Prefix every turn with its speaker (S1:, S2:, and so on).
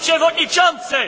S1: przewodniczący!